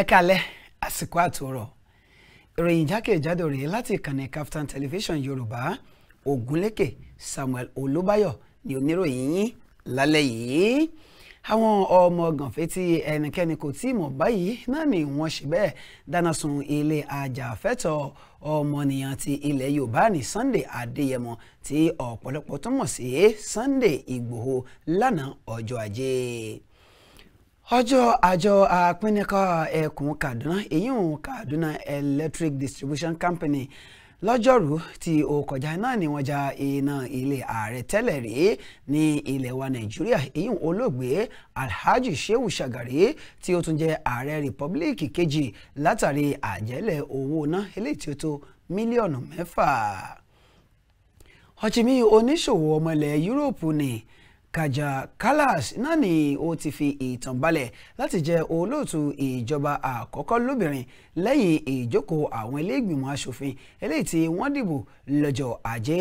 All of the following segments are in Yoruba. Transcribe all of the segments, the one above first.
ẹ kalẹ̀ àsìkò àtòrọ̀ ìròyìn jákèjádò rèé láti ìkànnì Kaftan television yorùbá ògúnlékè samuel olúbáyọ̀ ni oníròyìn yín lálẹ́ yìí àwọn ọmọ gànfẹ́ tí ẹnikẹ́ni kò tí ì mọ̀ báyìí náà ni wọ́n ṣe bẹ́ẹ̀ dáná sun ilé ajàfẹ́tọ̀ ọmọnìyàn ti ilẹ̀ yorùbá ní sunday adéyẹmọ tí ọ̀pọ̀lọpọ̀ tó mọ̀ sí sunday ìgbòho lánàá ọjọ́ ajé ọjọ́ àjọ àpínnikọ́ ẹkùn Kaduna èyíhùn Kaduna Electric Distribution Company lọ́jọ́rú tí ó kọjá náà ni wọ́n ja iná ilé ààrẹ tẹ́lẹ̀ rí ní ilẹ̀ wa nàìjíríà èyí olóògbé alhaji shehu shagari tí ó tún jẹ́ ààrẹ rìpọ́bílíìkì kejì látàrí àjẹ́lẹ̀ owó náà eléyìí tí ó tó mílíọ̀nù mẹ́fà. ọ̀chìmí oníṣòwò ọmọ ilẹ̀ yúróòpù ni. Yúróòpù, Kaja Kallas náà ni ó ti fi ìtàn balẹ̀ láti jẹ́ olóòtú ìjọba àkọ́kọ́ lóbìnrin lẹ́yìn ìjókòó àwọn ilé ìgbìmọ̀ asòfin eléyìí tí wọ́n dìbò lọ́jọ́ ajé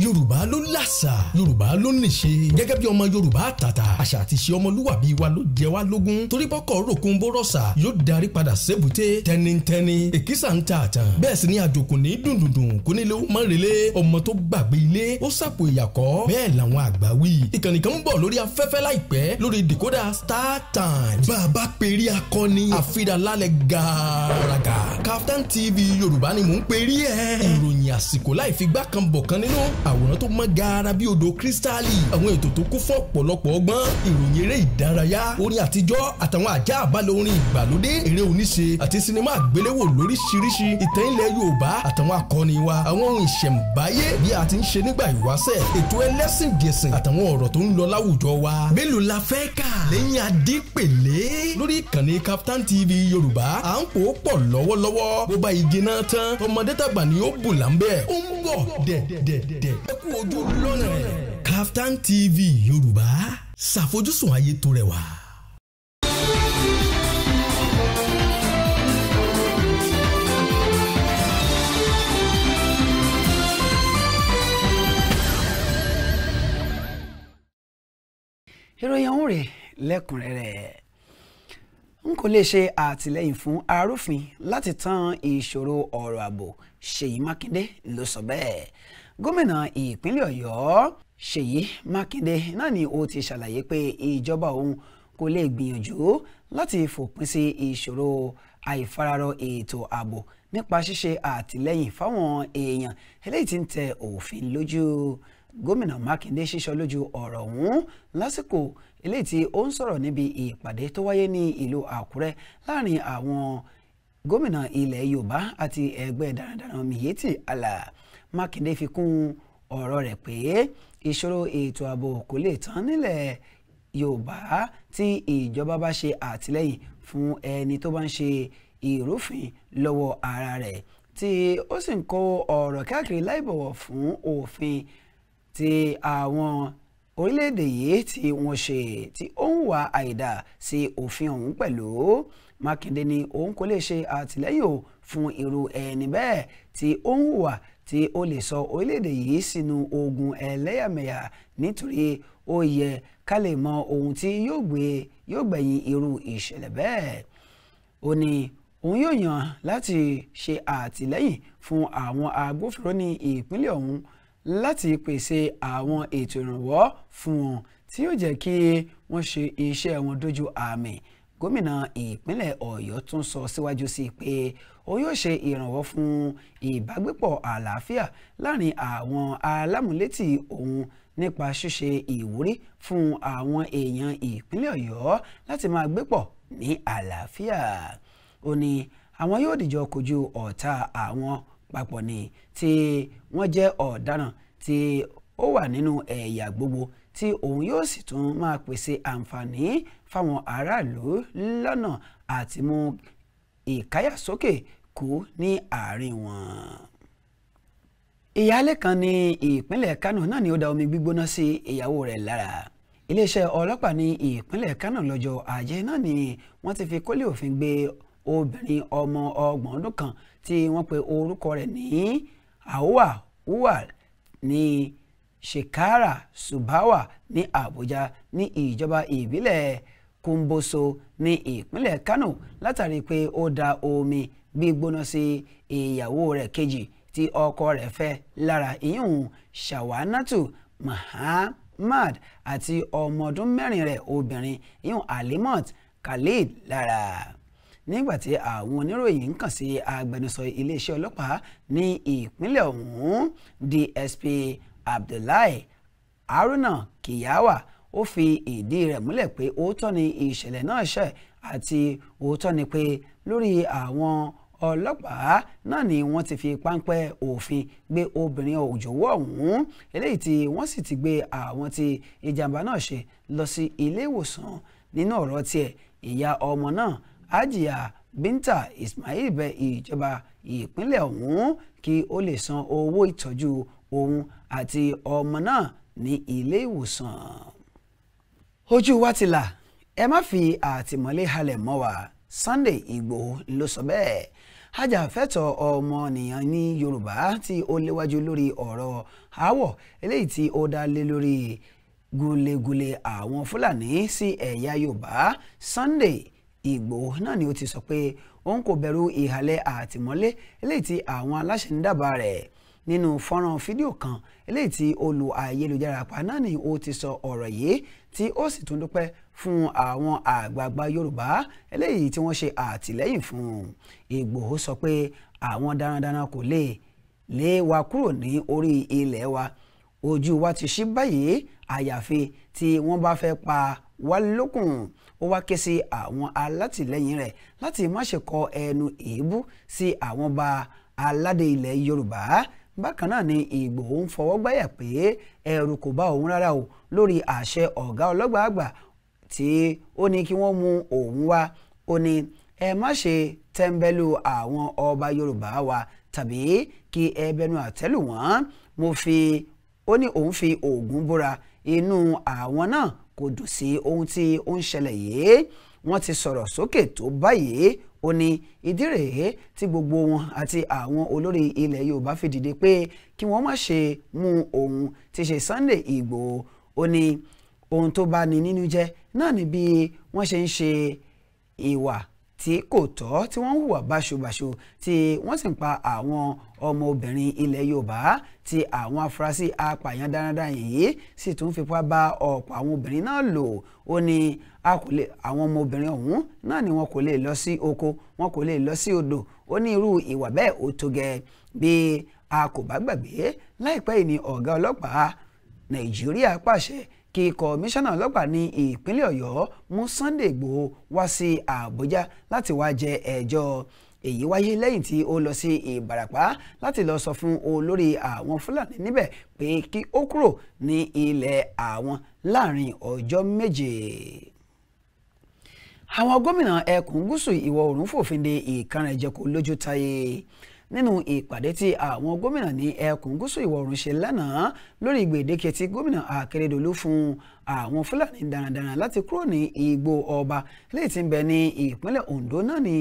yorùbá ló làṣà yorùbá ló níṣe gẹ́gẹ́ bí ọmọ yorùbá àtàtà àṣà àti ṣe ọmọlúwàbí wa ló jẹ wá lógún torí bọ́kọ̀ ròkun bórọ̀ṣà yóò darí padà sébùté tẹnitẹni èkìsà ń ta àtàn bẹ́ẹ̀ sì ni àjòkò ní dùndùndùn kò nílé ó mọ̀ relé ọmọ tó gbàgbé ilé ó sàpò ìyàkọ́ bẹ́ẹ̀ làwọn àgbà wí ìkànnì kan ń bọ̀ lórí afẹ́fẹ́ láìpẹ́ lórí decoder star times bàbá perí akọni àfidàlálẹ̀ gàràgà Kaftan TV yorùbá ni mò ń perí ẹ̀ ìròyìn àsìkò láì fi gbá kan bọ̀ kan nínú àwòrán tó mọ́ gaara bí odò kírísítálì àwọn ètò tó kún fún ọ̀pọ̀lọpọ̀ ọgbọ́n ìròyìn eré ìdárayá orin àtijọ́ àtàwọn àjá àbálẹ̀ orin ìgbàlódé eré oníṣe àti sinimá àgbéléwò lóríṣiríṣi ìtàn ilẹ̀ Yorùbá àtàwọn akọni wa àwọn ohun ìṣẹ̀ǹbáyé bí a ti ń ṣe nígbà ìwáṣẹ̀ ètò ẹlẹ́sìn gẹ̀sìn àtàwọn ọ̀rọ̀ tó ń lọ láwùjọ wa mélòó la fẹ́ kà lẹ́yìn adépèlé lórí ìkànnì Kaftan TV Yorùbá à ń pò ó pọ̀ lọ́wọ́lọ́wọ́ bó bá igi náà tán ọmọdé tàgbà ni ó bù láńbẹ́ ó ń bọ̀ dẹ̀dẹ̀dẹ̀ bẹ́kù ojú lọ́nà ẹ̀. Kaftan TV Yorùbá ṣàfojúsùn ayé tó rẹwà. ìròyìn ọ̀hún rèé lẹ́kùnrẹ́rẹ́ n kò lè ṣe àtìlẹ́yìn fún arúfin láti tán ìṣòro ọ̀rọ̀ ààbò Ṣèyí Mákindé ló sọ bẹ́ẹ̀ gómìnà ìpínlẹ̀ ọ̀yọ́ ṣèyí mákindé náà ni ó ti ṣàlàyé pé ìjọba òun kò lè gbìyànjú láti fòpin sí ìṣòro àìfararọ ètò ààbò nípa ṣíṣe àtìlẹ́yìn fáwọn èèyàn eléyìí tí ń tẹ òfin lójú gómìnà mákindé ṣíṣọ lójú ọ̀rọ̀ ọ̀hún lásìkò eléyìí tí ó ń sọ̀rọ̀ níbi ìpàdé tó wáyé ní ìlú àkúrẹ́ láàrin àwọn gómìnà ilẹ̀ yorùbá àti ẹgbẹ́ darandaran miyetti allah mákindé fi kún ọ̀rọ̀ rẹ̀ pé ìṣòro ètò ààbò kò lè tán nílẹ̀ yorùbá tí ìjọba bá ṣe àtìlẹ́yìn fún ẹni tó bá ń ṣe ìrúfin lọ́wọ́ ara rẹ̀ tí ó sì ń kó ọ̀rọ̀ káàkiri láì bọ̀wọ̀ fún òfin tí àwọn orílẹ̀-èdè yìí tí wọ́n ṣe tí ó ń wà àìdá sí òfin ọ̀hún pẹ̀lú mákindé ni òun kò lè ṣe àtìlẹ́yìn o fún irú ẹni bẹ́ẹ̀ tí ó ń wà tí ó lè sọ orílẹ̀-èdè yìí sínú ogun ẹlẹ́yàmẹ̀yà nítorí ó yẹ ká lè mọ ohun tí yóò gbé yóò gbẹ̀yìn irú ìṣẹ̀lẹ̀ bẹ́ẹ̀ ó ní òun yóò yàn láti ṣe àtìlẹ́yìn fún àwọn agbófinró ní ìpínlẹ̀ ọ̀hún láti pèsè àwọn ètò ìrànwọ́ fún wọn tí yóò jẹ́ kí wọ́n ṣe iṣẹ́ wọn dójú àmì gómìnà ìpínlẹ̀ ọ̀yọ́ tún sọ síwájú sí i pé ó yóò ṣe ìrànwọ́ fún ìbágbépọ̀ àlàáfíà láàrin àwọn alámúlétì òun nípa ṣíṣe ìwúrí fún àwọn èèyàn ìpínlẹ̀ ọ̀yọ́ láti máa gbépọ̀ ní àlàáfíà ó ní àwọn yóò dìjọ kojú ọ̀tá àwọn papọ̀ ni tí wọ́n jẹ́ ọ̀daràn tí ó wà nínú ẹ̀yà gbogbo tí òun yóò sì tún máa pèsè àǹfààní fáwọn aráàlú lọ́nà àti mú ìkáyàsókè kú ní àárín wọn. ìyáálé kan ní ìpínlẹ̀ Kánò náà ni ó da omi gbígbóná sí ìyàwó rẹ̀ lára iléeṣẹ́ ọlọ́pàá ní ìpínlẹ̀ Kánò lọ́jọ́ ajé náà ni wọ́n ti fi kólé òfin gbé obìnrin ọmọ ọgbọ̀n ọdún kan tí wọ́n pe orúkọ rẹ̀ ní àwòwà wúwà ní shekara subawa ní abuja ní ìjọba ìbílẹ̀ kòǹbóso ní ìpínlẹ̀ kánò látàrí pé ó da omi gbígbóná sí ìyàwó rẹ̀ kejì tí ọkọ rẹ̀ fẹ́ lára ìyún shawanatu muhammad àti ọmọ ọdún mẹ́rin rẹ̀ obìnrin ìyún alimot khalid lára nígbàtí àwọn oníròyìn ń kàn sí agbẹnusọ iléeṣẹ́ ọlọ́pàá ní ìpínlẹ̀ ọ̀hún DSP Abdullahi Haruna Kiyawa ó fi ìdí rẹ̀ múlẹ̀ pé òótọ́ ni ìṣẹ̀lẹ̀ náà ṣẹ̀ àti òótọ́ ni pé lórí àwọn ọlọ́pàá náà ni wọ́n ti fi páńpẹ́ òfin gbé obìnrin òjòwò ọ̀hún eléyìí tí wọ́n sì ti gbé àwọn tí ìjàmbá náà ṣe lọ sí ilé ìwòsàn nínú ọ̀rọ̀ tiẹ̀ ìyá ọmọ náà Hajiya Binta Ismail bẹ ìjọba ìpínlẹ̀ ọ̀hún kí ó lè san owó ìtọ́jú òun àti ọmọ náà ní ilé ìwòsàn. ojú wa ti là ẹ má fi àtìmọ́lé halẹ̀ mọ́ wa Sunday Igboho ló sọ bẹ́ẹ̀ ajàfẹ́tọ̀ ọmọnìyàn ní Yorùbá tí ó léwájú lórí ọ̀rọ̀ aáwọ̀ eléyìí tí ó dá lé lórí gulegule àwọn Fúlàní sí ẹ̀yà Yorùbá Sunday Ìgbòho náà ni ó ti sọ pé òun kò bẹ̀rù ìhàlẹ̀ àtìmọ́lé eléyìí tí àwọn aláṣẹ ń dábàá rẹ̀ nínú fọ́nrán fídíò kan eléyìí tí olù ayélujára pa náà ni ó ti sọ ọ̀rọ̀ yìí tí ó sì tún dúpẹ́ fún àwọn àgbààgbà Yorùbá eléyìí tí wọ́n ṣe àtìlẹ́yìn fún un Ìgbòho sọ pé àwọn darandaran kò lè lé wa kúrò ní orí ilẹ̀ wa ojú wa ti ṣí báyìí àyàfi tí wọ́n bá fẹ́ pa wá lókun ó wá ké sí àwọn alátìlẹ́yìn rẹ̀ láti má ṣe kọ ẹnu èébú sí àwọn ọba aládé ilẹ̀ Yorùbá bákan náà ni Ìgbòho ń fọwọ́ gbáyà pé ẹ̀rù kò bá òun rárá o lórí àṣẹ ọ̀gá ọlọ́gbàá àgbà tí ó ní kí wọ́n mú òun wá ó ní ẹ má ṣe tẹ́ńbẹ́lú àwọn ọba Yorùbá wa tàbí kí ẹ bẹnu àtẹ́lù wọ́n mo fi ó ní òun fi oògùn búra inú àwọn náà kò dùn sí ohun tí ó ń ṣẹlẹ̀ yìí wọ́n ti sọ̀rọ̀ sókè tó báyìí ó ní ìdí rèé tí gbogbo wọn àti àwọn olórí ilẹ̀ Yorùbá fi dìde pé kí wọ́n má ṣe mú òun ti ṣe Sunday Ìgbòho ó ní ohun tó bá ní nínú jẹ́ náà ni bí wọ́n ṣe ń ṣe ìwà tí kò tọ́ tí wọ́n ń hùwà báṣubàṣu tí wọ́n sì ń pa àwọn ọmọ obìnrin ilẹ̀ Yorùbá tí àwọn afurasí apààyàn darandaran yìí sì tún fipá bá ọ̀pọ̀ àwọn obìnrin náà lò ó ní àwọn ọmọ obìnrin ọ̀hún náà ni wọn kò lè lọ sí oko wọn kò lè lọ sí odò ó ní irú ìwà bẹ́ẹ̀ ó tó gẹ́ bí a kò bá gbàgbé láìpẹ́ yìí ni ọ̀gá ọlọ́pàá Nàìjíríà pàṣẹ kí kọmíṣánná ọlọ́pàá ní ìpínlẹ̀ ọ̀yọ́ mú Sunday Igboho wá sí àbújá láti wá jẹ ẹjọ́ èyí wáyé lẹ́yìn tí ó lọ sí ìbàràpá láti lọ sọ fún olórí àwọn fúlàní níbẹ̀ pé kí ó kúrò ní ilẹ̀ àwọn láàrin ọjọ́ méje àwọn gómìnà ẹkùn gúúsù ìwọ̀ oòrùn fòfin de ìkànnì ìjẹko lójú táyé nínú ìpàdé tí àwọn gómìnà ní ẹkùn gúúsù ìwọ̀ oòrùn ṣe lánàá lórí gbèdéke tí gómìnà Akérédolú fún àwọn Fúlàní darandaran láti kúrò ní igbó ọba léyìí tí ń bẹ ní ìpínlẹ̀ Ondo náà ni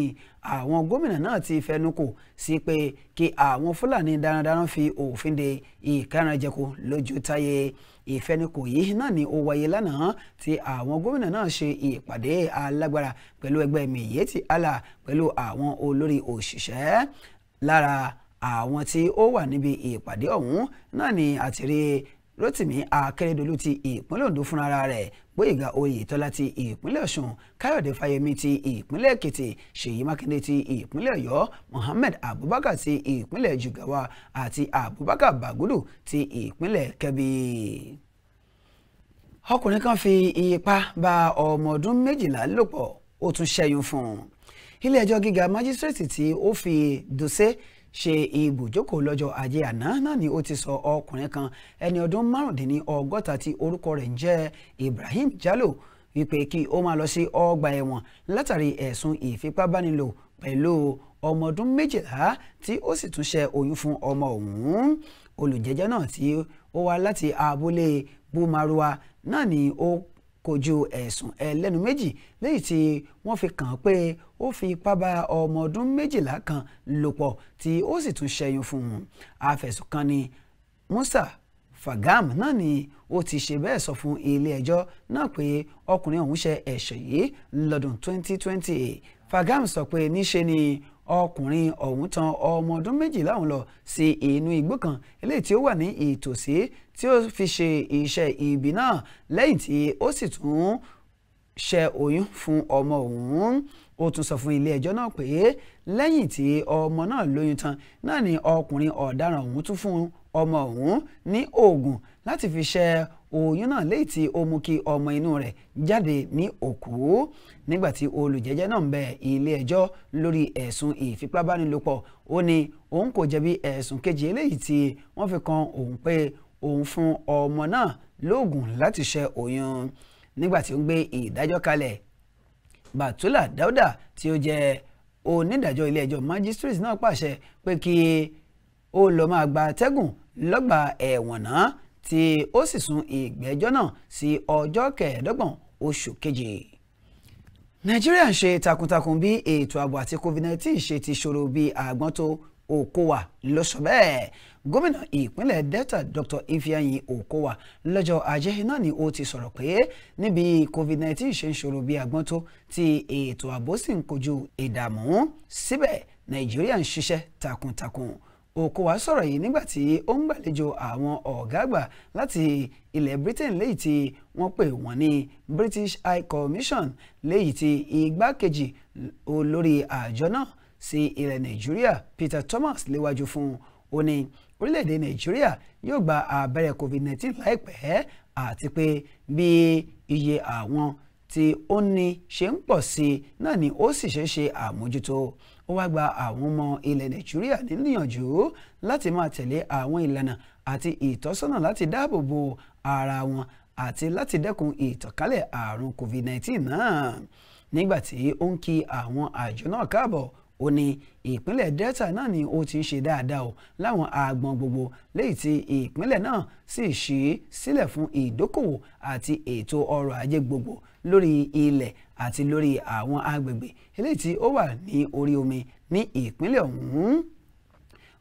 àwọn gómìnà náà ti fẹnukò sí pé kí àwọn Fúlàní darandaran fi òfin de ìkárànjẹko lójú táyé ìfẹnukò yìí náà ni ó wáyé lánàá tí àwọn gómìnà náà ṣe ìpàdé alágbára pẹ̀lú ẹgbẹ́ Miyetti Allah pẹ̀lú àwọn olórí òṣìṣẹ́ lára àwọn tí ó wà níbi ìpàdé ọ̀hún náà ni àtìrí Rotimi Akeredolu ti ìpínlẹ̀ Ondo fúnra rẹ̀ Gbóyèga Oyètọ́lá ti ìpínlẹ̀ Ọ̀ṣun Káyọ̀dé Fáyemí ti ìpínlẹ̀ Èkìtì Ṣèyí Mákindé ti ìpínlẹ̀ Ọ̀yọ́ Mohammed Abubakar ti ìpínlẹ̀ Jigawa àti Abubakar Bagudu ti ìpínlẹ̀ Kebbi ọkùnrin kan fi ipá bá ọmọ ọdún méjìlá lòpọ̀ ó tún ṣẹ́yún fún un ilé-ẹjọ́ gíga májísírèètì tí ó fi dùsẹ ṣe ibùjókòó lọ́jọ́ ajé àná náà ni ó ti sọ ọkùnrin kan ẹni ọdún márùndínlọ́gọ́ta tí orúkọ rẹ̀ ń jẹ́ Ibrahim Jalo wípé kí ó máa lọ sí ọgbà ẹ̀wọ̀n látàrí ẹ̀sùn ìfipábánilò pẹ̀lú ọmọ ọdún méjìlá tí ó sì tún ṣe oyún fún ọmọ òun olùjẹ́jọ́ náà tí ó wá láti abúlé Bumaruwa náà ni ó kojú ẹ̀sùn ẹlẹ́nu méjì léyìí tí wọ́n fi kàn án pé ó fi ipá bá ọmọ ọdún méjìlá kan lò pọ̀ tí ó sì tún ṣẹ́yún fún un afẹ̀sùnkanni Musa Fagam náà ni ó ti ṣe bẹ́ẹ̀ sọ fún ilé-ẹjọ́ náà pé ọkùnrin ọ̀hún ṣe ẹ̀ṣẹ̀ yìí lọ́dún 2020 Fagam sọ pé níṣe ni ọkùnrin ọ̀hún tan ọmọ ọdún méjìlá ọ̀hún lọ sí inú igbó kan eléyìí tí ó wà ní ìtòsí tí ó fi ṣe iṣẹ́ ibi náà lẹ́yìn tí ó sì tún ṣe oyún fún ọmọ ọ̀hún ó tún sọ fún ilé ẹjọ́ náà pé lẹ́yìn tí ọmọ náà lóyún tán náà ni ọkùnrin ọ̀daràn ọ̀hún tún fún ọmọ ọ̀hún ní oògùn láti fi ṣe oyún náà léyìí tí ó mú kí ọmọ inú rẹ̀ jáde ní òkú nígbà tí olùjẹ́jẹ́ náà ń bẹ ilé ẹjọ́ lórí ẹ̀sùn ìfipábánilòpọ̀ ó ní òun kò jẹ̀bi ẹ̀sùn kejì eléyìí tí wọ́n fi kan òun pé òun fún ọmọ náà lóògùn láti ṣẹ́ oyún nígbà tí ó ń gbé ìdájọ́ kalẹ̀ Bàtúlà Dáúdà tí ó jẹ́ onídàájọ́ ilé ẹjọ́ magistrate náà pàṣẹ pé kí ó lọ máa gba atẹ́gùn lọ́gbà ẹ̀wọ̀n náà tí ó sì sun ìgbẹ́jọ́ náà sí ọjọ́ kẹẹ̀ẹ́dọ́gbọ̀n oṣù keje nàìjíríà ń ṣe takuntakun bí ètò ààbò àti covid-19 ṣe ti ṣòro bí àgbọn tó Okowa ló sọ bẹ́ẹ̀ gómìnà ìpínlẹ̀ Delta Dr. Ifeanyi Okowa lọ́jọ́ ajé náà ni ó ti sọ̀rọ̀ pé níbi COVID-19 ṣe ń ṣòro bí agbọ́n tó ti ètò ààbò sì ń kojú ìdààmú síbẹ̀ Nàìjíríà ń ṣiṣẹ́ takuntakun Okowa sọ̀rọ̀ yìí nígbà tí ó ń gbàlejò àwọn ọ̀gá àgbà láti ilẹ̀ Britain léyìí tí wọ́n pè wọ́n ní British High Commission léyìí tí igbákejì olórí àjọ náà sí ilẹ̀ Nàìjíríà Peter Thomas léwájú fún un ó ní orílẹ̀-èdè Nàìjíríà yóò gba abẹ́rẹ́ COVID-19 láìpẹ́ àti pé bí iye àwọn tí ó ní ṣe ń pọ̀ sí i náà ni ó sì ṣe é ṣe àmójútó ó wá gba àwọn ọmọ ilẹ̀ nàìjíríà níyànjú láti máa tẹ̀lé àwọn ìlànà àti ìtọ́sọ́nà láti dáàbò bo ara wọn àti láti dẹ́kun ìtànkálẹ̀ àrùn covid-19 náà nígbà tí ó ń kí àwọn àjọ náà káàbọ̀ ó ní ìpínlẹ̀ delta náà ni ó ti ń ṣe dáadáa o láwọn àgbọn gbogbo lẹ́yìn tí ìpínlẹ̀ náà sì ṣí sílẹ̀ fún ìdókòwò àti ètò ọrọ̀ ajé gbogbo lórí ilẹ̀ àti lórí àwọn agbègbè eléyìí tí ó wà ní orí omi ní ìpínlẹ̀ ọ̀hún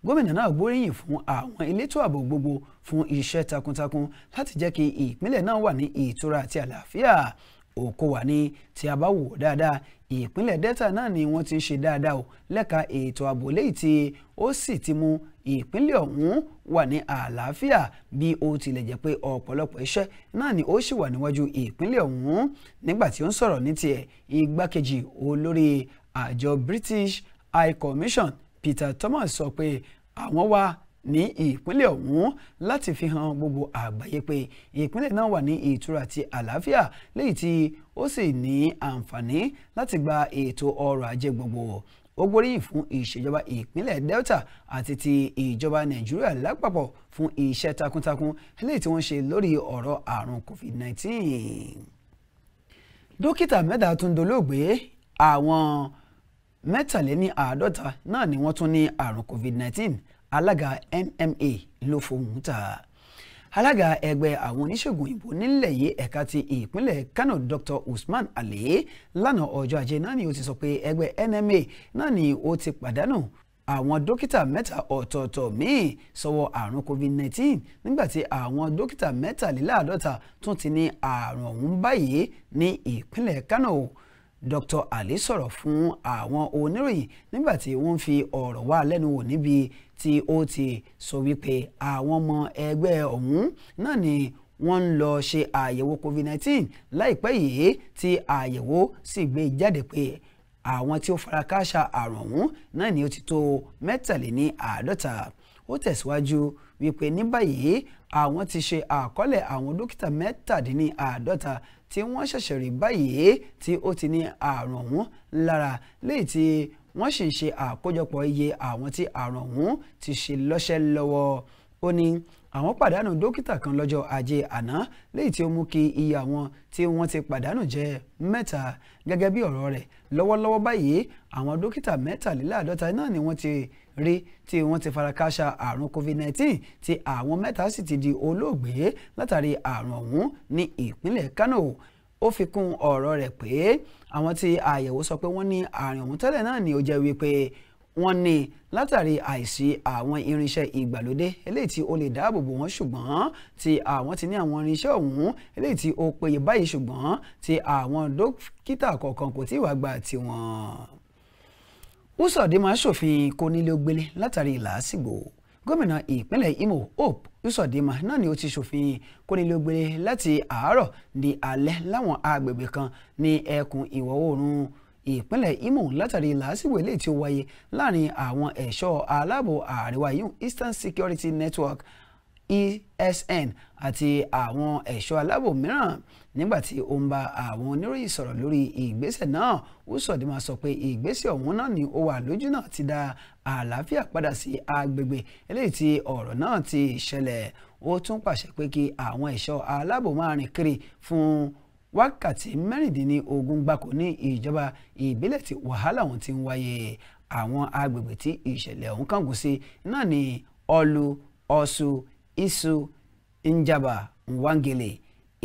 gómìnà náà gbóríyìn fún àwọn elétò ààbò gbogbo fún iṣẹ́ takuntakun láti jẹ́ kí ìpínlẹ̀ náà wà ní ìtura àti àlàáfíà Okowa ni tí a bá wò dáadáa ìpínlẹ̀ delta náà ni wọ́n ti ṣe dáadáa o lẹ́ka ètò ààbò léyìí tí ó sì ti mú ìpínlẹ̀ ọ̀hún wà ní àlàáfíà bí ó tilẹ̀ jẹ́ pé ọ̀pọ̀lọpọ̀ iṣẹ́ náà ni ó sì wà níwájú ìpínlẹ̀ ọ̀hún nígbà tí ó ń sọ̀rọ̀ ní tiẹ̀ igbákejì olórí àjọ British High Commission Peter Thomas sọ pé àwọn wà ní ìpínlẹ̀ ọ̀hún láti fi hàn gbogbo àgbáyé pé ìpínlẹ̀ náà wà ní ìtura àti àlàáfíà léyìí tí ó sì ní àǹfààní láti gba ètò ọrọ̀ ajé gbogbo ó gbóríyìn fún ìṣèjọba ìpínlẹ̀ Delta àti ti ìjọba Nàìjíríà lápapọ̀ fún iṣẹ́ takuntakun eléyìí tí wọ́n ṣe lórí ọ̀rọ̀ àrùn COVID-19. dókítà mẹ́ta tún dolóògbé àwọn mẹ́tàléní àádọ́ta náà ni wọ́n tún ní àrùn COVID-19 alága MMA ló fohùn ta alága ẹgbẹ́ àwọn oníṣègùn òyìnbó nílẹ̀ yìí ẹ̀ka ti ìpínlẹ̀ Kano Dr. Usman Ali lánàá ọjọ́ ajé náà ni ó ti sọ pé ẹgbẹ́ NMA náà ni ó ti pàdánù àwọn dókítà mẹ́ta ọ̀tọ̀ọ̀tọ̀ míì sọwọ́ àrùn covid-19 nígbàtí àwọn dókítà mẹ́tàléláàádọ́ta tún ti ní àrùn ọ̀hún báyìí ní ìpínlẹ̀ Kano. Dr. Ali sọ̀rọ̀ fún àwọn oníròyìn nígbà tí wọ́n fi ọ̀rọ̀ wá lẹ́nu wò níbi tí ó ti sọ wípé àwọn ọmọ ẹgbẹ́ ọ̀hún náà ni wọ́n ń lọ ṣe àyẹ̀wò COVID-19 láìpẹ́ yìí tí àyẹ̀wò sì gbé jáde pé àwọn tí ó fara kááṣá àrùn ọ̀hún náà ni ó ti tó mẹ́tàléní àádọ́ta ó tẹ̀síwájú wípé ní báyìí àwọn ti ṣe àkọọ́lẹ̀ àwọn dókítà mẹ́tàdínní àádọ́ta tí wọ́n ṣẹ̀ṣẹ̀ rí báyìí tí ó ti ní àrùn ọ̀hún lára léyìí tí wọ́n sì ń ṣe àkójọpọ̀ iye àwọn tí àrùn ọ̀hún ti ṣe lọ́ṣẹ́ lọ́wọ́ ó ní àwọn pàdánù dókítà kan lọ́jọ́ ajé àná léyìí tí ó mú kí iye àwọn tí wọ́n ti pàdánù jẹ́ mẹ́ta gẹ́gẹ́ bí ọ̀rọ̀ rẹ̀ lọ́wọ́lọ́wọ́ báyìí àwọn dókítà mẹ́tàléláàádọ́ta náà ni wọ́n ti rí tí wọ́n ti fara kááṣá àrùn covid-19 tí àwọn mẹ́ta sì ti di olóògbé látàrí àrùn ọ̀hún ní ìpínlẹ̀ Kano ó fi kún ọ̀rọ̀ rẹ̀ pé àwọn tí àyẹ̀wò sọ pé wọ́n ní àrùn ọ̀hún tẹ́lẹ̀ náà ni ó jẹ́ wípé wọ́n ní látàrí àìsí àwọn irinṣẹ́ ìgbàlódé eléyìí tí ó lè dáàbò bò wọ́n ṣùgbọ́n tí àwọn ti ní àwọn irinṣẹ́ ọ̀hún eléyìí tí ó péye báyìí ṣùgbọ́n tí àwọn dókítà kọ̀ọ̀kan kò tí ì wá gba tiwọn. Usode máa ṣòfin kónílé-ó-gbélé látàrí làásìgbò gómìnà ìpínlẹ̀ Imo Hope Usodima náà ni ó ti ṣòfin kónílé-ó-gbélé láti àárọ̀ di alẹ́ láwọn agbègbè kan ní ẹkùn ìwọ̀ oòrùn ìpínlẹ̀ Imo látàrí làásìgbò eléyìí tí ó wáyé láàrin àwọn ẹ̀ṣọ́ aláàbò àríwá yìí Eastern Security Network ESN àti àwọn ẹ̀ṣọ́ aláàbò mìíràn nígbàtí ó ń bá àwọn oníròyìn sọ̀rọ̀ lórí ìgbésẹ̀ náà ó sọ̀dìmà sọ pé ìgbésẹ̀ ọ̀hún náà ni ó wà lójú náà ti dá àlàáfíà padà sí agbègbè eléyìí tí ọ̀rọ̀ náà ti ṣẹlẹ̀ ó tún pàṣẹ pé kí àwọn ẹ̀ṣọ́ aláàbò máa rìn kiri fún wákàtí mẹ́rìndínlógún gbáko ní ìjọba ìbílẹ̀ tí wàhálà wọn ti ń wáyé àwọn agbègbè tí ìṣẹ̀lẹ̀ ọ̀hún kàn kù sí náà ní ọlù ọ̀ṣù isu njaba nwangele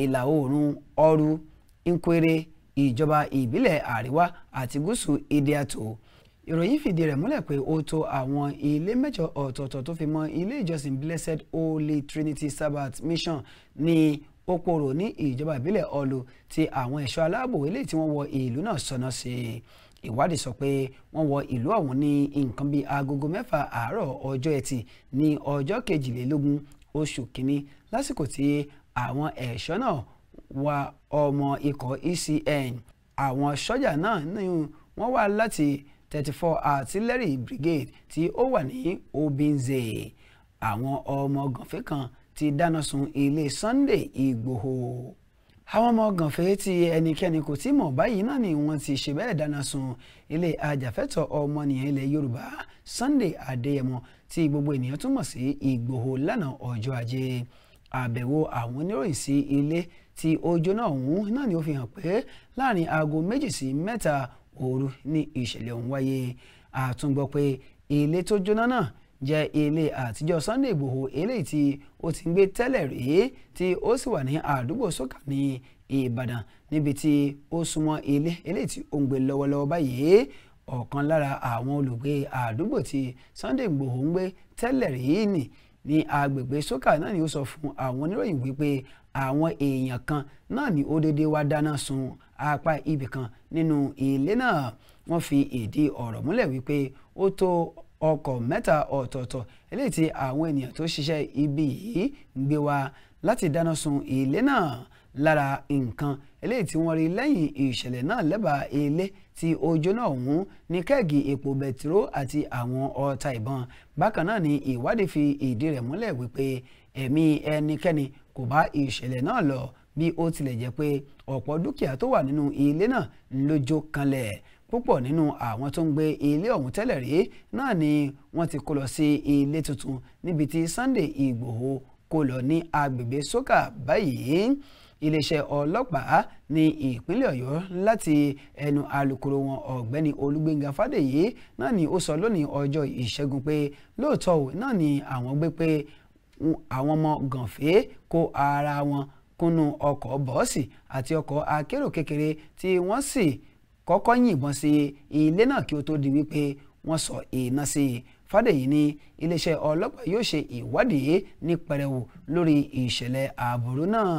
ìlà oòrùn ọrú nkwere ìjọba ìbílẹ̀ àríwá àti gúúsù ìdíàtò ìròyìn fìdí rẹ̀ múlẹ̀ pé ó tó àwọn ilé mẹ́jọ ọ̀tọ̀ọ̀tọ̀ tó fi mọ́ ilé ìjọsìn Blessed Holy Trinity Sabbath Mission ní Okoro ní ìjọba ìbílẹ̀ ọlù tí àwọn ẹ̀ṣọ́ aláàbò eléyìí tí wọ́n wọ ìlú náà sọ̀nà sí i ìwádìí sọ pé wọ́n wọ ìlú ọ̀hún ní nǹkan bíi agogo mẹ́fà àárọ̀ ọjọ́ ẹtì ní ọjọ́ kejìlélógún oṣù kínní lásìkò tí àwọn ẹ̀ṣọ́ náà wa ọmọ ikọ̀ ECN àwọn sọ́jà náà ní wọ́n wá láti four Artillery Brigade tí ó wà ní Obinze àwọn ọmọ gànfẹ́ kan ti dáná sun ilé Sunday Ìgbòho àwọn ọmọ gànfẹ́ tí ẹnikẹ́ni kò tí mọ̀ báyìí náà ni wọ́n ti ṣe bẹ́ẹ̀ dáná sun ilé ajàfẹ́tọ̀ ọmọnìyàn ilẹ̀ Yorùbá Sunday Adéyẹmọ tí gbogbo ènìyàn tún mọ̀ sí Ìgbòho lánàá ọjọ́ ajé àbẹ̀wò àwọn oníròyìn sí ilé tí ọjọ́ náà ọ̀hún náà ni ó fi hàn pé láàrin aago méjì sí mẹ́ta òru ni ìṣẹ̀lẹ̀ ọ̀hún wáyé àtúngbọ́ pé ilé tó jóná náà jẹ́ ilé àtijọ́ Sunday Ìgbòho eléyìí tí ó ti ń gbé tẹ́lẹ̀ rèé tí ó sì wà ní àdúgbò sókà ní Ìbàdàn níbi tí ó súnmọ́ ilé eléyìí tí ó ń gbé lọ́wọ́lọ́wọ́ báyìí ọ̀kan lára àwọn olùgbé àdúgbò tí Sunday Ìgbòho ń gbé tẹ́lẹ̀ rèé nì ní agbègbè sókà náà ni ó sọ fún àwọn oníròyìn wípé àwọn èèyàn kan náà ni ó déédéé wá dáná sun apá ibì kan nínú ilé náà wọ́n fi ìdí ọ̀rọ̀ múlẹ̀ wípé ó tó ọkọ̀ mẹ́ta ọ̀tọ̀ọ̀tọ̀ eléyìí tí àwọn ènìyàn tó ṣiṣẹ́ ibi yìí ń gbé wá láti dáná sun ilé náà lára nǹkan eléyìí tí wọ́n rí lẹ́yìn ìṣẹ̀lẹ̀ náà lẹ́bàá ilé tí ó jóná ọ̀hún ní kẹ́ẹ̀gì epo bẹtiró àti àwọn ọta ìbọn bákan náà ni ìwádìí fi ìdí rẹ̀ múlẹ̀ wípé ẹ̀mí ẹnikẹ́ni kò bá ìṣẹ̀lẹ̀ náà lọ bí ó tilẹ̀ jẹ́ pé ọ̀pọ̀ dúkìá tó wà nínú ilé náà ló jó kanlẹ̀ púpọ̀ nínú àwọn tó ń gbé ilé ọ̀hún tẹ́lẹ̀ rí náà ni wọ́n ti kó lọ sí ilé tuntun níbi tí Sunday Ìgbòho kó lọ ní agbègbè Sókà báyìí iléeṣẹ́ ọlọ́pàá ní ìpínlẹ̀ ọ̀yọ́ láti ẹnu alukoro wọn ọ̀gbẹ́ni olúgbénga fádèyí náà ni ó sọ lónìí ọjọ́ ìṣẹ́gun pé lóòótọ́ òwe náà ni àwọn gbé pé àwọn ọmọ gànfẹ́ kó ara wọn kúnnú ọkọ̀ bọ́ọ̀sì àti ọkọ̀ akérò kékeré tí wọ́n sì si, kọ́kọ́ yìnbọn sí ilé náà kí ó tó di wípé wọ́n sọ iná sí i fàdèyí ní iléeṣẹ́ ọlọ́pàá yóò ṣe ìwádìí ní pẹrẹwu lórí ìṣẹ̀lẹ̀ àbúrú náà.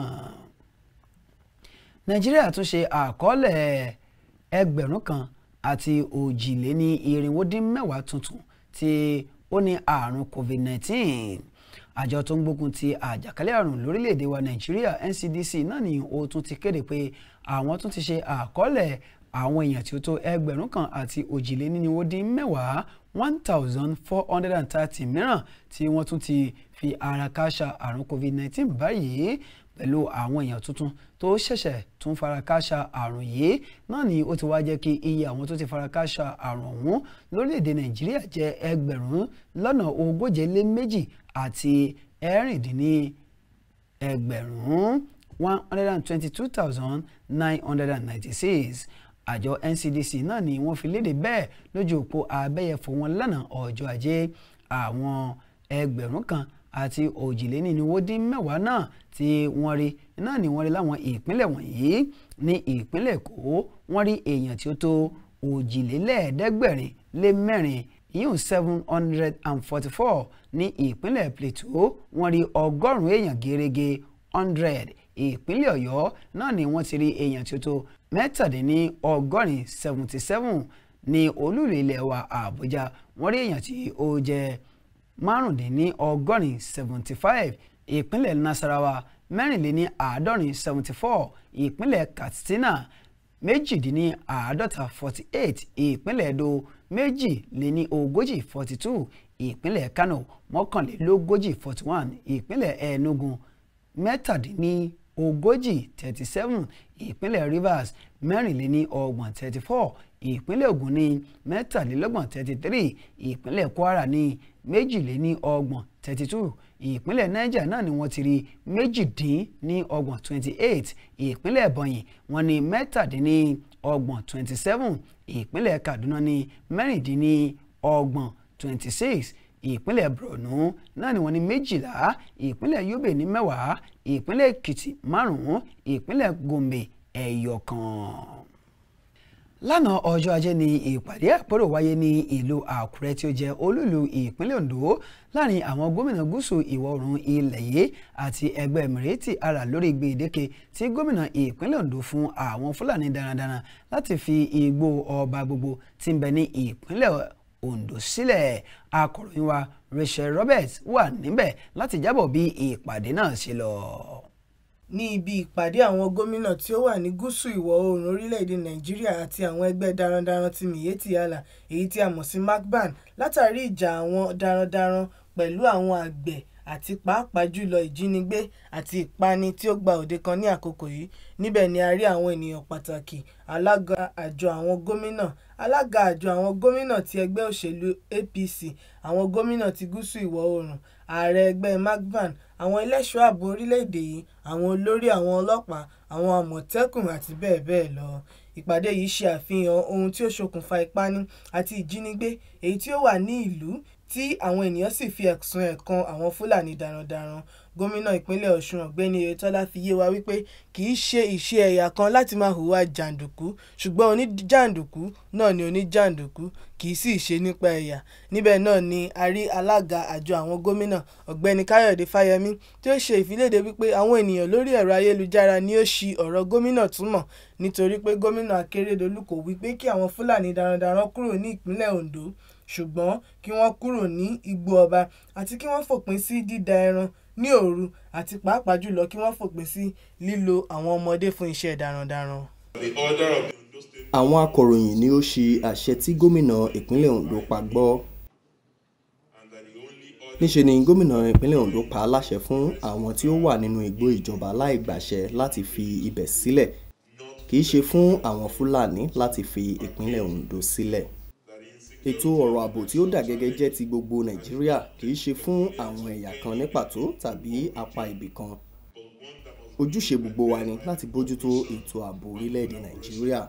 nàìjíríà tún ṣe àkọọ́lẹ̀ ẹgbẹ̀rún kan àti òjìléní irinwó dín mẹ́wàá tuntun tí ó ní àrùn covid-19 àjọ tó ń gbógun ti àjàkálẹ̀ àrùn lórílẹ̀‐èdè wa nàìjíríà ncdc náà ni ó tún ti kéde pé àwọn tún ti ṣe àkọọ́lẹ̀ àwọn èèyàn tí ó tó ẹgbẹ̀rún kan àti òjìlénínwó dín one thousand four hundred and thirty mìíràn tí wọ́n tún ti fi ara káṣá àrùn covid nineteen báyìí pẹ̀lú àwọn èèyàn tuntun tó ṣẹ̀ṣẹ̀ tún farakáṣá àrùn yìí náà ni ó ti wá jẹ́ kí iye àwọn tó ti farakáṣá àrùn ọ̀hún lórílẹ̀‐èdè nàìjíríà jẹ́ ẹgbẹ̀rún lọ́nà ogóje lé méjì àti ẹ̀rìndínní one hundred and twenty-two thousand nine hundred and ninety-six àjọ NCDC náà ni wọ́n fi léde bẹ́ẹ̀ lójú òpó abẹ́yẹfò wọn lánàá ọjọ́ ajé àwọn ẹgbẹ̀rún kan àti òjìlénínwó dín mẹ́wàá náà tí wọ́n rí náà ni wọ́n rí láwọn ìpínlẹ̀ wọ̀nyí ní ìpínlẹ̀ Èkó wọ́n rí èèyàn tí ó tó òjìlélẹ́ẹ̀ẹ́dẹ́gbẹ̀rin lé mẹ́rin yíyún seven hundred and forty-four ní ìpínlẹ̀ Plateau wọ́n rí ọgọ́rùn-ún èèyàn gẹ́rẹ́gẹ́ hundred ìpínlẹ̀ Ọ̀yọ́ náà ni wọ́n ti rí èèyàn tí ó tó mẹ́tàdínní ọgọ́rin seventy seven ní olúìlú ilẹ̀ wa àbújá wọ́n rí èèyàn tí ó jẹ́ márùndínní ọgọ́rin seventy five ìpínlẹ̀ nasarawa mẹ́rìnléní àádọ́rin seventy four ìpínlẹ̀ katsina méjìdínní àádọ́ta forty eight ìpínlẹ̀ edo méjìléní ogójì forty two ìpínlẹ̀ kano mọ́kànlélógójì forty one ìpínlẹ̀ enugu mẹ́tàdínní ogójì thirty seven ìpínlẹ̀ Rivers mẹ́rìnléní ọgbọ̀n thirty four ìpínlẹ̀ Ògùn ní mẹ́tàlélọ́gbọ̀n thirty three ìpínlẹ̀ Kwara ní méjìléní ọgbọ̀n thirty two ìpínlẹ̀ niger náà ni wọ́n ti rí méjìdínlọ́gbọ̀n twenty eight ìpínlẹ̀ ebonyi wọ́n ní mẹ́tàdínlọ́gbọ̀n twenty seven ìpínlẹ̀ kaduna ní mẹ́rìndínlọ́gbọ̀n twenty six ìpínlẹ̀ Borno náà ni wọ́n ní méjìlá ìpínlẹ̀ Yobe ní mẹ́wàá ìpínlẹ̀ Èkìtì márùn-ún ìpínlẹ̀ Gombe ẹ̀yọ̀kan lánàá ọjọ́ ajé ni ìpàdé àpérò wáyé ní ìlú àkúrẹ́ tí ó jẹ́ olúìlú ìpínlẹ̀ ondo láàrin àwọn gómìnà gúúsù ìwọ̀ oòrùn ilẹ̀ yìí àti ẹgbẹ́ mìrètì ara lórí gbèdéke tí gómìnà ìpínlẹ̀ ondo fún àwọn fúlàní darandaran láti fi igbó ọba gbogbo tí ń bẹ ní ìpínlẹ̀ Ondo sílẹ̀ akọ̀ròyìn wa Rachel Roberts wà níbẹ̀ láti jábọ̀ bí ìpàdé náà ṣe lọ ní ibi ìpàdé àwọn gómìnà tí ó wà ní gúúsù ìwọ̀ oòrùn orílẹ̀-èdè nàìjíríà àti àwọn ẹgbẹ́ darandaran ti miyeti ala èyí tí a mọ̀ sí macban látàrí ìjà àwọn darandaran pẹ̀lú àwọn àgbẹ̀ àti pàápàá jùlọ ìjínigbé àti ìpani tí ó gba òde kan ní àkókò yìí níbẹ̀ ni a rí àwọn ènìyàn pàtàkì alága àjọ àwọn gómìnà alága àjọ àwọn gómìnà ti ẹgbẹ́ òṣèlú apc àwọn gómìnà ti gúúsù ìwọ̀ oòrùn ààrẹ ẹgbẹ́ macban àwọn ẹlẹ́ṣọ́ ààbò orílẹ̀-èdè yìí àwọn olórí àwọn ọlọ́pàá àwọn àmọ̀tẹ́kùn àti bẹ́ẹ̀ bẹ́ẹ̀ lọ ìpàdé yìí ṣe àfihàn ohun tí ó ṣokùnfà ìpani àti ìjínigbé èyí tí ó wà ní ìlú tí àwọn ènìyàn sì fi ẹ̀sùn ẹ̀ kan àwọn Fúlàní darandaran gómìnà ìpínlẹ̀ ọ̀ṣun ọ̀gbẹ́ni oyetola fi yé wa wípé kì í ṣe ìṣe ẹ̀yà kan láti máa hùwà jàǹdùkú ṣùgbọ́n oníjàǹdùkú náà ni oníjàǹdùkú kì í sì ṣe nípa ẹ̀yà níbẹ̀ náà ni a rí alága àjọ àwọn gómìnà ọ̀gbẹ́ni káyọ̀dé fáyemí tí ó ṣe ìfiléde wípé àwọn ènìyàn lórí ẹ̀rọ ayélujára ni ó ṣi ọ̀rọ̀ gómìnà túmọ̀ nítorí pé gómìnà akérèdọ́lù kò wí pé kí àwọn fúlàní darandaran kúrò ní ìpínlẹ̀ ondo ṣùgbọ́n kí wọ́n kúrò ní igbó ọba àti kí wọ́n fòpin sí dída ẹran ní òru àti pàápàá jùlọ kí wọ́n fòpin sí lílo àwọn ọmọdé fún iṣẹ́ darandaran. àwọn akọ̀ròyìn ni ó ṣe àṣẹ tí gómìnà ìpínlẹ̀ Ondo pa gbọ́ níṣe ni gómìnà ìpínlẹ̀ Ondo pa á láṣẹ fún àwọn tí ó wà nínú igbó ìjọba láì gbàṣẹ láti fi ibẹ̀ sílẹ̀ kì í ṣe fún àwọn Fúlàní láti fi ìpínlẹ̀ Ondo sílẹ̀. Si ètò ọ̀rọ̀ ààbò tí ó dà gẹ́gẹ́ jẹ́ ti gbogbo nàìjíríà kì í ṣe fún àwọn ẹ̀yà kan ní pàtó tàbí apá ibì kan ojúṣe gbogbo wa ni láti bójútó ètò ààbò orílẹ̀-èdè nàìjíríà.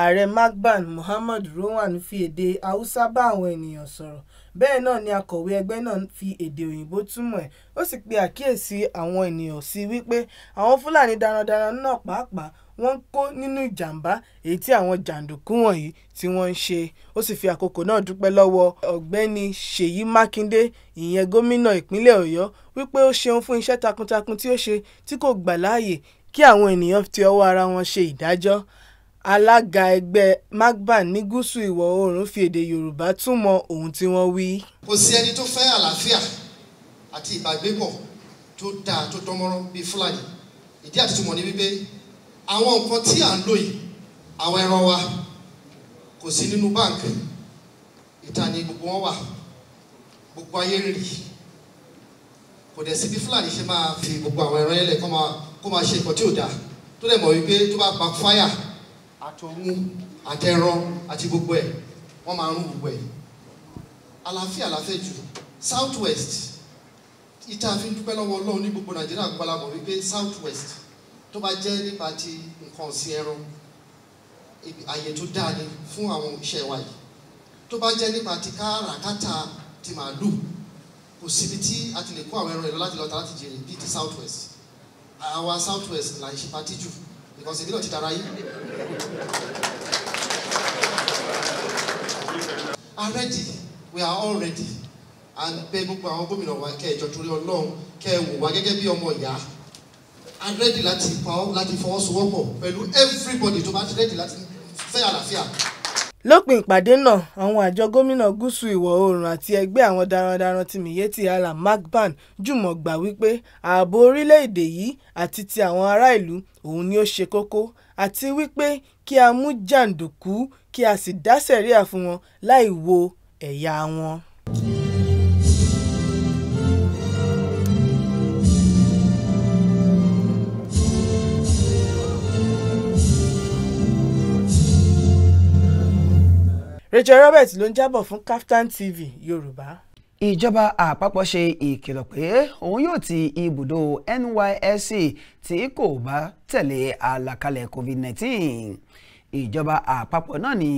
ààrẹ magban muhammad rowan fi èdè haúsá bá àwọn ènìyàn sọ̀rọ̀ bẹ́ẹ̀ náà ni akọ̀wé ẹgbẹ́ náà fi èdè òyìnbó túmọ̀ ẹ̀ ó sì pe àkíyèsí àwọn ènìyàn sí wípé àwọn fúlàní darandaran náà pàápàá wọ́n kó nínú ìjàm̀bá èyí tí àwọn jàǹdùkú wọ̀nyí tí wọ́n ń ṣe ó sì fi àkókò náà dúpẹ́ lọ́wọ́ ọ̀gbẹ́ni ṣèyí mákindé ìyẹn gómìnà ìpínlẹ̀ ọ̀yọ́ wípé ó ṣeun fún iṣẹ́ takuntakun tí ó ṣe tí kò gbà láàyè kí àwọn ènìyàn ti ọwọ́ ara wọn ṣe ìdájọ́ alága ẹgbẹ́ magban ní gúúsù ìwọ̀ oòrùn fi èdè yorùbá túmọ̀ ohun tí wọ́n wí. kò sí ẹni tó fẹ́ àlàáfíà àti ìbágbépọ̀ tó dáa tó dánmọ́rán bíi fúlàní ìdí àtìtúmọ̀ ní wípé àwọn nǹkan tí à ń lò yìí àwọn ẹran wa kò sí nínú báǹkì ìta ni gbogbo wọn wà gbogbo ayé ń rí kò dẹ̀ síbi fúlàní ṣe máa fi gbogbo àwọn ẹran yẹn lẹ̀ kó máa ṣe nǹkan tí ò dáa tó dẹ̀ mọ̀ wípé tó bá pa fáyà àtòun àtẹran àti gbogbo ẹ̀ wọ́n máa ń rún gbogbo ẹ̀ àlàáfíà la fẹ́ jù south west ìta fi ń dúpẹ́ lọ́wọ́ ọlọ́run ní gbogbo nàìjíríà gbọ́dọ̀ mọ̀ wípé south west tó bá jẹ́ nípa ti nǹkan ọ̀sìn ẹran àyè tó dáa ni fún àwọn iṣẹ́ wa yìí tó bá jẹ́ nípa ti káràkátà ti màálù kò síbi tí a ti lè kó àwọn ẹran ìlú láti lọ́ta láti jèrè bíi ti south west àwa south west là ń ṣe patí jù because èmi náà ti dára yìí. are we are all ready and bẹ́ẹ̀ gbogbo àwọn gómìnà wa kẹ́ ẹ jọ torí ọlọ́run kẹ́ ẹ wò wá gẹ́gẹ́ bí ọmọ ìyá and ready láti pawọ́ láti fọwọ́sowọ́pọ̀ pẹ̀lú everybody tó bá ti ready láti fẹ́ àlàáfíà. lópin ìpàdé náà àwọn àjọ gómìnà gúúsù ìwọ̀ oòrùn àti ẹgbẹ́ àwọn darandaran ti Miyetti Allah Magban jùmọ̀ gbà wípé ààbò orílẹ̀-èdè yìí àti ti àwọn ará ìlú òun ni ó ṣe kókó àti wípé kí a mú jàǹdùkú kí a sì dá sẹ̀ríà fún wọn láì wo ẹ̀yà wọn. Rachel Roberts ló ń jábọ̀ fún Kaftan TV Yorùbá. Ìjọba àpapọ̀ ṣe ìkìlọ̀ pé òun yóò ti ibùdó NYSC tí kò bá tẹ̀lé àlàkalẹ̀ COVID-19 ìjọba àpapọ̀ náà ni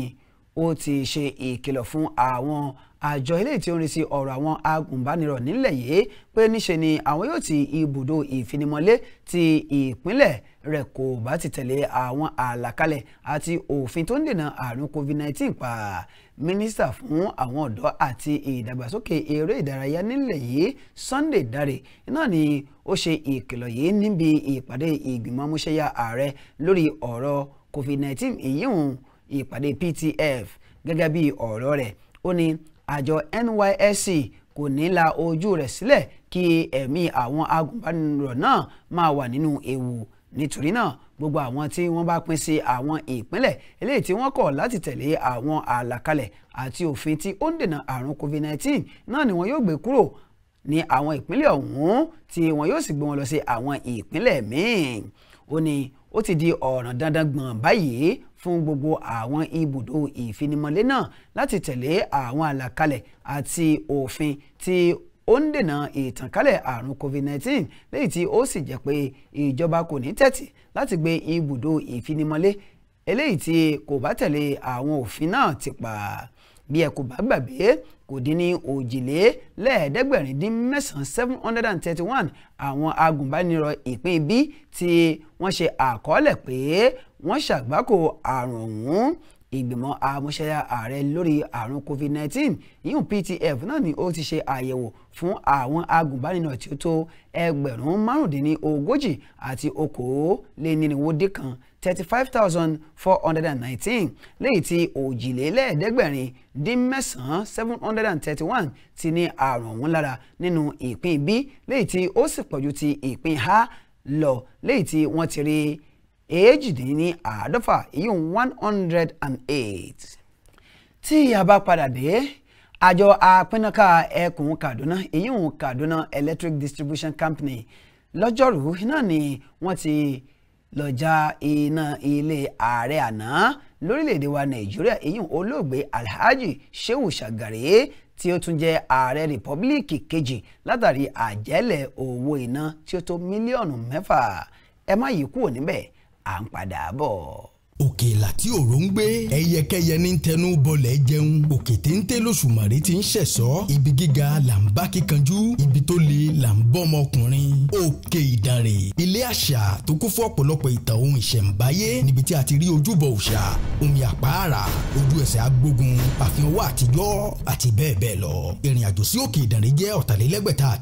ó ti ṣe ìkìlọ̀ fún àwọn àjọ eléyìí tí ó ń rí sí ọ̀rọ̀ àwọn agùnbánirọ̀ nílẹ̀ yìí pé níṣe ni àwọn yóò ti ibùdó ìfinimọ̀lé ti ìpínlẹ̀ rẹ̀ kò bá ti tẹ̀lé àwọn àlàkalẹ̀ àti òfin tó ń dènà àrùn covid-19 pa mínísítà fún àwọn ọ̀dọ́ àti ìdàgbàsókè eré ìdárayá nílẹ̀ yìí Sunday Dare náà ni ó ṣe ìkìlọ̀ yìí níbi ìpàdé ìgbìmọ̀ amúṣẹ́yà ààrẹ lórí ọ̀rọ̀ covid-19 èyí hùn ìpàdé PTF gẹ́gẹ́ bí ọ̀rọ̀ rẹ̀ ó ní àjọ NYSC kò ní la ojú rẹ̀ sílẹ̀ kí ẹ̀mí àwọn agùnbánirọ̀ náà máa wà nínú ewu nítorí náà gbogbo àwọn tí wọ́n bá pín sí àwọn ìpínlẹ̀ eléyìí tí wọ́n kọ̀ láti tẹ̀lé àwọn àlàkalẹ̀ àti òfin tí ó ń dènà àrùn covid nineteen náà ni wọ́n yóò gbé kúrò ní àwọn ìpínlẹ̀ ọ̀hún tí wọ́n yóò sì gbé wọn lọ sí àwọn ìpínlẹ̀ míì ó ní ó ti di ọ̀ràn dandan gbọ̀n báyìí fún gbogbo àwọn ibùdó ìfinimọ̀lé náà láti tẹ̀lé àwọn àlàkalẹ̀ àti òfin tí ó ń dènà ìtànkálẹ̀ àrùn covid-19 léyìí tí ó sì jẹ́ pé ìjọba kò ní tẹ́tí láti gbé ibùdó ìfinimọ̀lé eléyìí tí kò bá tẹ̀lé àwọn òfin náà ti pa bí ẹ kò bá gbàgbé kò dín ní òjìlé lẹ́ẹ̀ẹ́dẹ́gbẹ̀rin dín mẹ́sàn-án seven hundred and thirty one àwọn agùnbánirọ̀ ìpín bí tí wọ́n ṣe àkọọ́lẹ̀ pé wọ́n ṣàgbákò àrùn ọ̀hún ìgbìmọ̀ àmúṣẹ́yà ààrẹ lórí àrùn covid-19 yíyún ptf náà ni ó ti ṣe àyẹ̀wò fún àwọn agùnbánirọ̀ tí ó tó ẹgbẹ̀rún márùndínlógójì àti okòólénírínwó dín kan thirty five thousand four hundred and nineteen léyìí tí òjìlélẹ́ẹ̀ẹ́dẹ́gbẹ̀rin dín mẹ́sàn-án seven hundred and thirty one ti ní àrùn ọ̀hún lára nínú ìpín b léyìí tí ó sì pọ̀jù ti ìpín h lọ léyìí tí wọ́n ti rí i èjìdínláàádọ́fà ìyún one hundred and eight tí a bá padà dé àjọ àpínnáká ẹkùn Kaduna ìyún Kaduna Electric Distribution Company lọ́jọ́rú náà ni wọ́n ti lọ já iná ilé ààrẹ àná lórílẹ̀‐èdè wa Nàìjíríà ìyún olóògbé Alhaji Shehu Shagari tí ó tún jẹ́ ààrẹ rìpọ́bílíkì kejì látàrí àjẹ́lẹ̀ owó iná tí ó tó mílíọ̀nù mẹ́fà ẹ má yí kúrò níbẹ̀ ang padabo. òkèèlà tí òró ń gbé ẹyẹkẹyẹ ní tẹnu bọlẹ̀ jẹun òkè téńté lóṣùmàrè ti ń ṣẹ̀sọ́ ibi gíga là ń bá kíkanjú ibi tó le là ń bọ́mọ ọkùnrin òkè ìdànrè ilé àṣà tó kún fún ọ̀pọ̀lọpọ̀ ìtàn ohun ìṣẹ̀ǹbáyé níbi tí a ti rí ojúbọ òòṣà omi àpáàrà ojú ẹsẹ̀ agbógun àfihàn owó àtijọ́ àti bẹ́ẹ̀ bẹ́ẹ̀ lọ ìrìn àjò sí òkè ìdànrè jẹ́ ọ̀tàlélẹ́gbẹ̀ta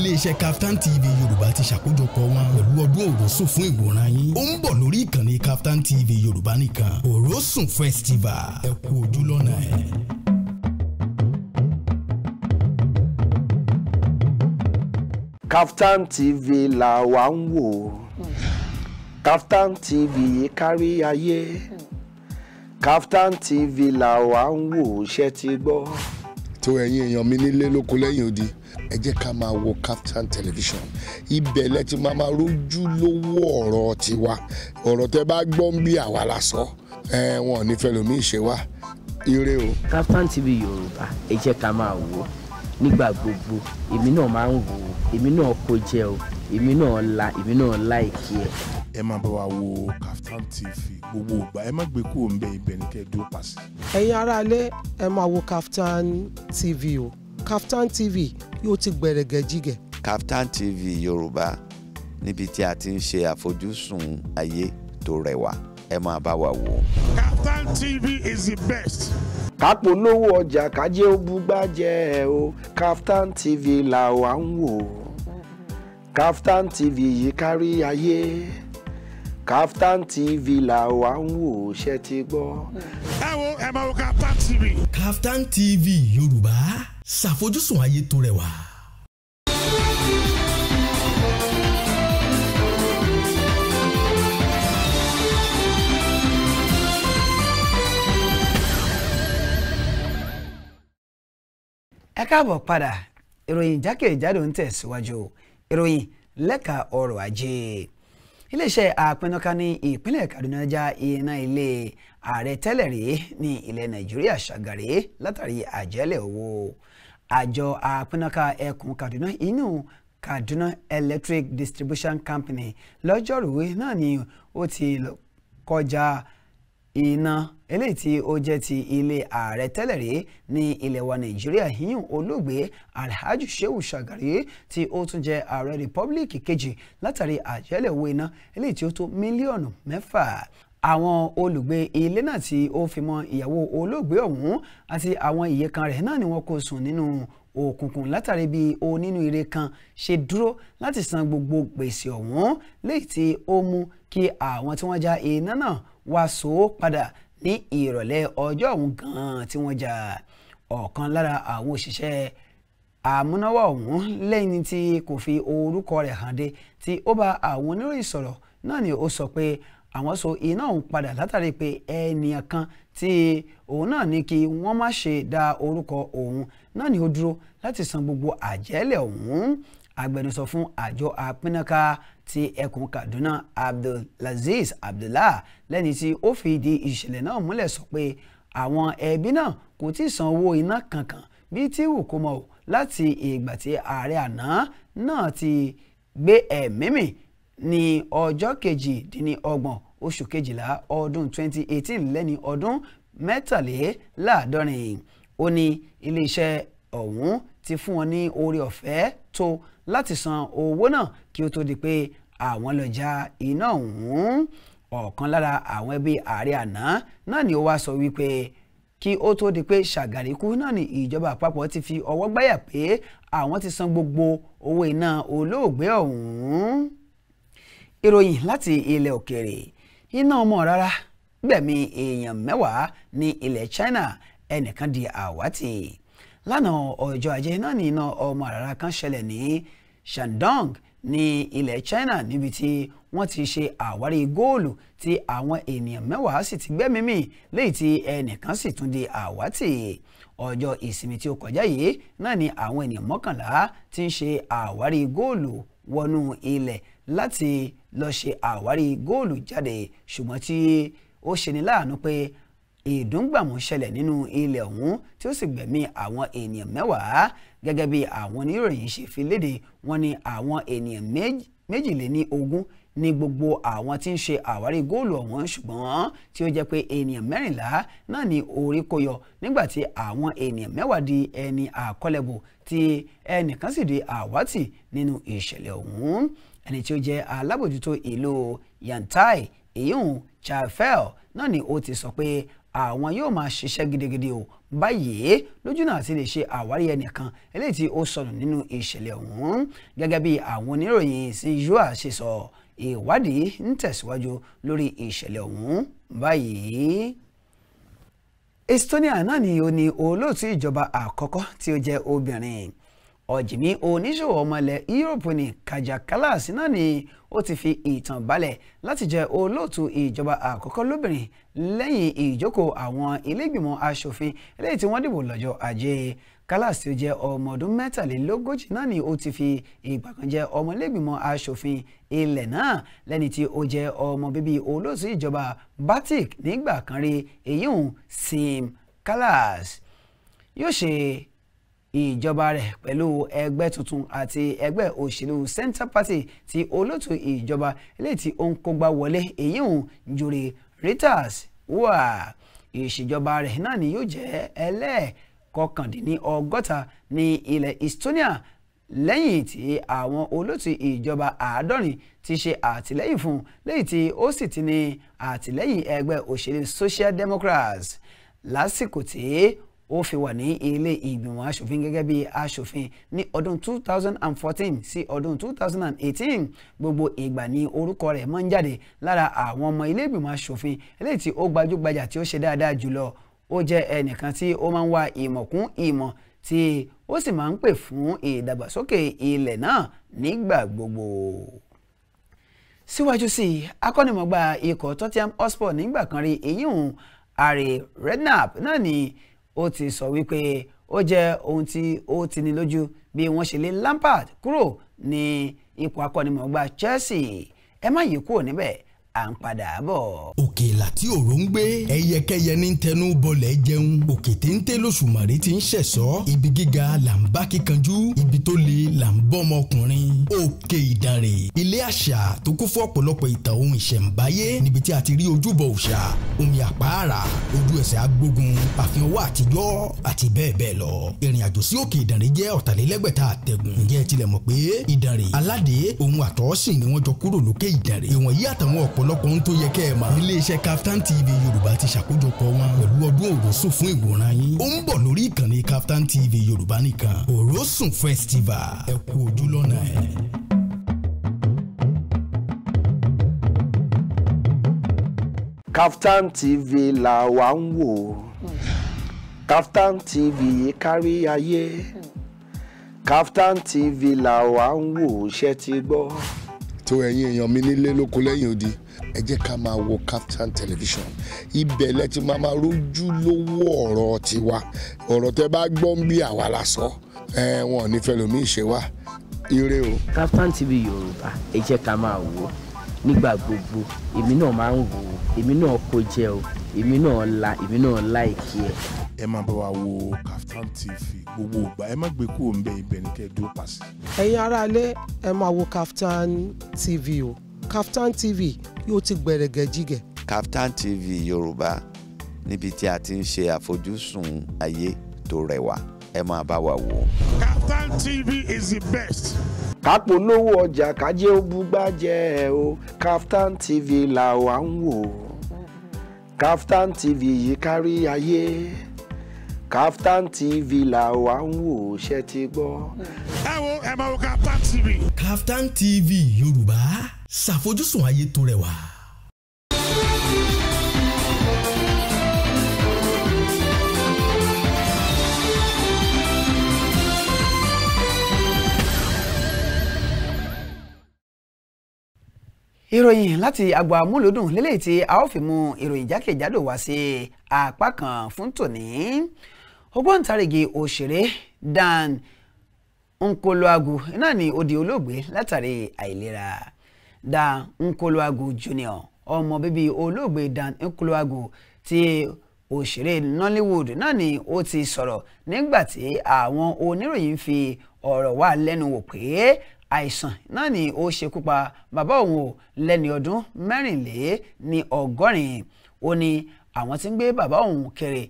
iléeṣẹ́ Kaftan TV Yorùbá ti ṣàkójọpọ̀ wọn pẹ̀lú ọdún òròsùn fún ìwòran yín ó ń bọ̀ lórí ìkànnì Kaftan TV Yorùbá nìkan òròsùn festival ẹ kú ojú lọ́nà ẹ̀. Kaftan TV la wa ń wò Kaftan TV kárí ayé Kaftan TV la wa ń wò ṣe ti gbọ́ tó ẹ̀yin èèyàn mi nílé lóko lẹ́yìn odi ẹ jẹ́ ká máa wo Kaftan television ibẹ̀ lẹ ti máa máa rójú lówó ọ̀rọ̀ tiwa ọ̀rọ̀ tẹ bá gbọ́ ń bí àwa la sọ ẹ wọn ò ní fẹ́ lómi ìṣe ire o. Kaftan TV Yorùbá ẹ jẹ́ ká máa wò ó nígbà gbogbo èmi náà máa ń wò ó èmi náà kó jẹ o èmi náà la èmi náà láìkí ẹ. ẹ máa bá wa wo Kaftan TV gbogbo ìgbà ẹ má gbé kúrò ń bẹ ibẹ̀ ní kẹ́ dúró pàṣẹ. ẹ̀yin aráalé ẹ máa wo Kaftan TV o Kaftan TV yóò ti gbẹ̀rẹ̀gẹ̀ jígẹ̀. Kaftan TV Yorùbá níbi tí a ti ń ṣe àfojúsùn ayé tó rẹwà ẹ máa bá wa wò. Kaftan TV is the best kápolówó ọjà kájé ó búgbájẹ́ ẹ o Kaftan TV là wà ń wò ó. Kaftan TV yìí kárí ayé Kaftan TV la wà ń wò ṣe ti gbọ́. ẹ wo ẹ máa wo Kaftan TV. Kaftan TV Yorùbá ṣàfojúsùn ayé tó rẹwà. ẹ káàbọ̀ padà ìròyìn jákèjádò ń tẹ̀síwájú ìròyìn lẹ́ka ọrọ̀ ajé iléeṣẹ́ àpinnuka ní ìpínlẹ̀ Kaduna já iná ilé ààrẹ tẹ́lẹ̀ rí ní ilẹ̀ Nàìjíríà ṣàgàrí látàrí àjẹ́lẹ̀ owó àjọ àpinnuka ẹkùn Kaduna inú Kaduna Electric Distribution Company lọ́jọ́rùú náà ni ó ti kọjá iná eléyìí tí ó jẹ́ ti ilé ààrẹ tẹ́lẹ̀ rí ní ilẹ̀ wa nàìjíríà yíyún olóògbé alhaji shehu shagari tí ó tún jẹ́ ààrẹ rìpọ́blìkì kejì látàrí àjẹ́lẹ̀ owó iná eléyìí tí ó tó mílíọ̀nù mẹ́fà àwọn olùgbé ilé náà tí ó fi mọ ìyàwó olóògbé ọ̀hún àti àwọn ìyekan rẹ̀ náà ni wọ́n kó sùn nínú òkùnkùn látàrí bí onínúure kan ṣe dúró láti san gbogbo gbèsè ọ̀hún léyìí tí ó mú kí àwọn tí wọ́n já iná náà wàásù padà ní ìrọ̀lẹ́ ọjọ́ ọ̀hún gan-an tí wọ́n jà ọ̀kan lára àwọn òṣìṣẹ́ àmúnáwá ọ̀hún lẹ́yìn tí kò fi orúkọ rẹ̀ hàn dé tí ó bá àwọn oníròyìn sọ̀rọ̀ náà ni ó sọ pé àwọn so iná òun padà látàrí pé ẹnìyàn kan tí òun náà ní kí wọ́n má ṣe dá orúkọ òun náà ni ó dúró láti san gbogbo àjẹ́lẹ̀ òun agbẹnusọ fún àjọ apínnáká ti ẹkùn Kaduna Abdulaziz Abdullah lẹ́ni tí ó fìdí ìṣẹ̀lẹ̀ náà múlẹ̀ sọ pé àwọn ẹbí náà kò tí ì san owó iná kankan bíi tí wù kó mọ o láti ìgbà tí ààrẹ àná náà ti gbé ẹ̀mí mì ní ọjọ́ kejìdínlọ́gbọ̀n oṣù kejìlá ọdún 2018 lẹ́ni ọdún mẹ́tàléláàádọ́rin ó ní iléeṣẹ́ ọ̀hún ti fún wọn ní oore ọ̀fẹ́ tó láti san owó náà kí ó tó di pé àwọn lọ já iná ọ̀hún ọ̀kan lára àwọn ẹbí ààrẹ àná náà ni ó wá sọ wípé kí ó tó di pé ṣàgàrí kú náà ni ìjọba àpapọ̀ ti fi ọwọ́ gbáyà pé àwọn ti san gbogbo owó iná olóògbé ọ̀hún ìròyìn láti ilẹ̀ òkèèrè iná ọmọ rárá gbẹ̀mí èèyàn mẹ́wàá ní ilẹ̀ China ẹnìkan di àwátì lánàá ọjọ́ ajé náà ní iná ọmọ rárá kan ṣẹlẹ̀ ní shandong ní ilẹ̀ China níbi tí wọ́n ti ṣe àwárí góòlù tí àwọn ènìyàn mẹ́wàá sì ti gbẹ́mìí mì léyìí tí ẹnìkan sì tún di àwátì ọjọ́ ìsinmi tí ó kọjá yìí náà ni àwọn ènìyàn mọ́kànlá ti ń ṣe àwárí góòlù wọnú ilẹ̀ láti lọ ṣe àwárí góòlù jáde ṣùgbọ́n tí ó ṣeni láàánú pé ìdúngbàmù ṣẹlẹ̀ nínú ilẹ̀ ọ̀hún tí ó sì gbẹ̀mí àwọn ènìyàn mẹ́wàá gẹ́gẹ́ bí àwọn oníròyìn ṣe fi léde wọ́n ní àwọn ènìyàn méjìléní ogún ní gbogbo àwọn tí ń ṣe àwárí góòlù ọ̀wọ́n ṣùgbọ́n tí ó jẹ́ pé ènìyàn mẹ́rìnlá náà ní orí kó yọ nígbà tí àwọn ènìyàn mẹ́wàá di ẹni àkọlẹ̀bù tí ẹnìkan sì di àwátì nínú ìṣẹ̀lẹ̀ ọ̀hún ẹni tí ó jẹ́ alábòjútó ìlú yantai ìyún chafel náà ni ó ti sọ pé àwọn yóò máa ṣiṣẹ́ gidigidi o báyìí lójúnà àti lè ṣe àwárí ẹnìkan eléyìí tí ó sọnù nínú ìṣẹ̀lẹ̀ ọ̀hún gẹ́gẹ́ bí àwọn oníròyìn sí yóò ṣe sọ ìwádìí ń tẹ̀síwájú lórí ìṣẹ̀lẹ̀ ọ̀hún báyìí. Estonia náà ni ó ní olóòtú ìjọba àkọ́kọ́ tí ó jẹ́ obìnrin ọ̀jìmí oníṣòwò ọmọlẹ̀ yúròpù ní Kaja Kallas náà ni ó ti fi ìtàn balẹ̀ láti jẹ olóòtú ìjọba àkọ́kọ́ lóbìnrin lẹ́yìn ìjókòó àwọn ilégbìmọ̀ asòfin eléyìí tí wọ́n dìbò lọ́jọ́ ajé Kallas tí ó jẹ́ ọmọ ọdún mẹ́tàlélógójì náà ni ó ti fi ìgbà kan jẹ́ ọmọ ilégbìmọ̀ asòfin ilẹ̀ náà lẹ́ni tí ó jẹ́ ọmọ bíbí olóòtú ìjọba Batik nígbà kan rí èyí hùn Sim Kallas yóò ṣe ìjọba rẹ̀ pẹ̀lú ẹgbẹ́ tuntun àti ẹgbẹ́ òṣèlú Centre Party ti olóòtú ìjọba eléyìí tí ó ń kógbá wọlé èyí ń jùrì Reuters wà ìṣèjọba rẹ̀ náà ni yóò jẹ́ ẹlẹ́ẹ̀kọkàndínní ọgọ́ta ní ilẹ̀ Estonia lẹ́yìn tí àwọn olóòtú ìjọba àádọ́rin ti ṣe àtìlẹ́yìn fún lẹ́yìn tí ó sì ti ní àtìlẹ́yìn ẹgbẹ́ òṣèlú Social Democrats lásìkò tí ó fi wà ní ilé ìgbìmọ̀ asòfin gẹ́gẹ́ bí asòfin ní ọdún 2014 sí ọdún 2018 gbogbo ìgbà ni orúkọ rẹ̀ máa ń jáde lára àwọn ọmọ ilé ìgbìmọ̀ asòfin eléyìí tí ó gbajúgbajà tí ó ṣe dáadáa jùlọ ó jẹ́ ẹnìkan tí ó máa ń wá ìmọ̀ kún ìmọ̀ tí ó sì máa ń pè fún ìdàgbàsókè ilẹ̀ náà nígbà gbogbo síwájú sí i akọ́nimọ̀gbà ikọ̀ Tottenham Hotspur nígbà kan rí èyí hùn Harry náà ni ó ti sọ wípé ó jẹ́ ohun tí ó ti ní lójú bí wọ́n ṣe lé Lampard kúrò ní ipò akọ́nimọ̀ọ́gbá Chelsea ẹ má yí kúrò níbẹ̀ à ń padà bọ̀. òkè ìlà tí òró ń gbé ẹyẹkẹyẹ ní tẹnu bọlẹ̀ jẹun òkè téńté lóṣùmàrè ti ń ṣẹ̀sọ́ ibi gíga là ń bá kíkanjú ibi tó le là ń bọ́ ọmọkùnrin òkè ìdànrè ilé àṣà tó kún fún ọ̀pọ̀lọpọ̀ ìtàn ohun ìṣẹ̀ǹbáyé níbi tí a ti rí ojúbọ òòṣà omi àpáàrà ojú ẹsẹ̀ agbógun àfihàn owó àtijọ́ àti bẹ́ẹ̀ bẹ́ẹ̀ lọ ìrìn àjò sí òkè ìdànrè jẹ́ ọ̀tàlélẹ́gbẹ̀ta àtẹ̀gùn ǹjẹ́ ẹ tilẹ̀ mọ̀ pé ìdànrè aládé òun àtọ́sìn ni wọ́n jọ kúrò lókè ìdànrè ìwọ̀nyí àtàwọn ọ̀p ọ̀pọ̀lọpọ̀ ohun tó yẹ kẹ́ ẹ̀ mọ̀. iléeṣẹ́ Captain TV Yorùbá ti ṣàkójọpọ̀ wọn pẹ̀lú ọdún òròsùn fún ìwòran yín. ó ń bọ̀ lórí ìkànnì Captain TV Yorùbá nìkan òròsùn festival ẹ kú ojú lọ́nà ẹ̀. Captain TV la wa ń wò Captain TV kárí ayé Captain TV la wa ń wò ṣe ti gbọ́ ètò ẹ̀yin èèyàn mi nílé lóko lẹ́yìn odi ẹ jẹ́ ká máa wo Kaftan television ibẹ̀ lẹ ti máa máa rójú lówó ọ̀rọ̀ tiwa ọ̀rọ̀ tẹ bá gbọ́ bí àwa la sọ ẹ wọn ò ní fẹ́ lómi ìṣe wa ire o. Kaftan TV Yorùbá ẹ jẹ́ ká máa wò nígbà gbogbo èmi náà máa ń wò èmi náà kó jẹ́ o èmi náà la èmi náà láìkí ẹ. ẹ máa bá wa wo Kaftan TV gbogbo ìgbà ẹ má gbé kúrò ńbẹ ibẹ̀ ní kẹ́ ẹ dúró pàṣẹ. ẹ̀yin aráalé ẹ máa wo Kaftan TV o Kaftan TV yóò ti gbẹ̀rẹ̀gẹ̀ jígẹ̀. Kaftan TV Yorùbá níbi tí a ti ń ṣe àfojúsùn ayé tó rẹwà ẹ máa bá wa wò. Kaftan TV is the best kápolówó ọjà kájé ó búgbájẹ ẹ o Kaftan TV là wà ń wò Kaftan TV yìí kárí ayé Kaftan TV la wà ń wò ṣe ti gbọ́. ẹ wo ẹ máa wo Kaftan TV. Kaftan TV Yorùbá ṣàfojúsùn ayé tó rẹwà. ìròyìn láti agbo amúlòdùn lélẹ́yìí tí a ó fi mú ìròyìn jákèjádò wá sí apá kan fún tòní ògbóǹtarìgì òṣèré Dan Nkoloagu náà ni ó di olóògbé látàrí àìlera Dan Nkoloagu Junior ọmọ bíbí olóògbé Dan Nkoloagu tí òṣèré Nollywood náà ni ó ti sọ̀rọ̀ nígbà tí àwọn oníròyìn fi ọ̀rọ̀ wá lẹ́nu wò pé àìsàn náà ni ó ṣekú pa bàbá òun o lẹ́ni ọdún mẹ́rìnlé ní ọgọ́rin ó ní àwọn tí ń gbé bàbá òun kiri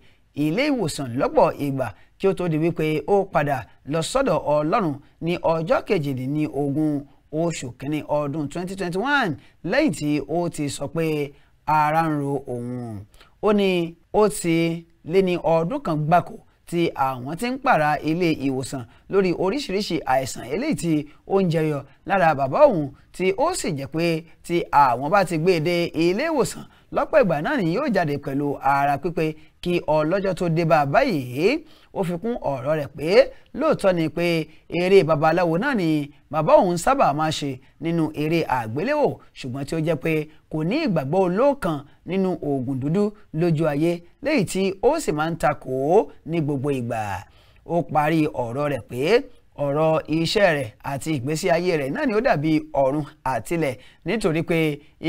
ilé ìwòsàn lọ́pọ̀ ìgbà kí ó tó di wípé ó padà lọ sọ́dọ̀ ọlọ́run ní ọjọ́ kejìdínní ogún oṣù kínní ọdún 2021 lẹ́yìn tí ó ti sọ pé ara ń ro òun ó ní ó ti lé ní ọdún kan gbáko tí àwọn tí ń pààrà ilé ìwòsàn lórí oríṣiríṣi àìsàn eléyìí tí ó ń jẹyọ lára bàbá òun tí ó sì jẹ́ pé tí àwọn bá ti gbé e dé ilé ìwòsàn lọ́pọ̀ ìgbà náà ni yóò jáde pẹ̀lú ara pípé kí ọlọ́jọ́ tó dé bá a báyìí ó fi kún ọ̀rọ̀ rẹ̀ pé lóòótọ́ ni pé eré babaláwo náà ni bàbá òun sábà máa ṣe nínú eré àgbéléwò ṣùgbọ́n tí ó jẹ́ pé kò ní ìgbàgbọ́ olóòkan nínú oògùn dúdú lójú ayé léyìí tí ó sì máa ń takò ó ní gbogbo ìgbà ó parí ọ̀rọ̀ rẹ̀ pé ọ̀rọ̀ iṣẹ́ rẹ̀ àti ìgbésí ayé rẹ̀ náà ni ó dàbí ọ̀run àtilẹ̀ nítorí pé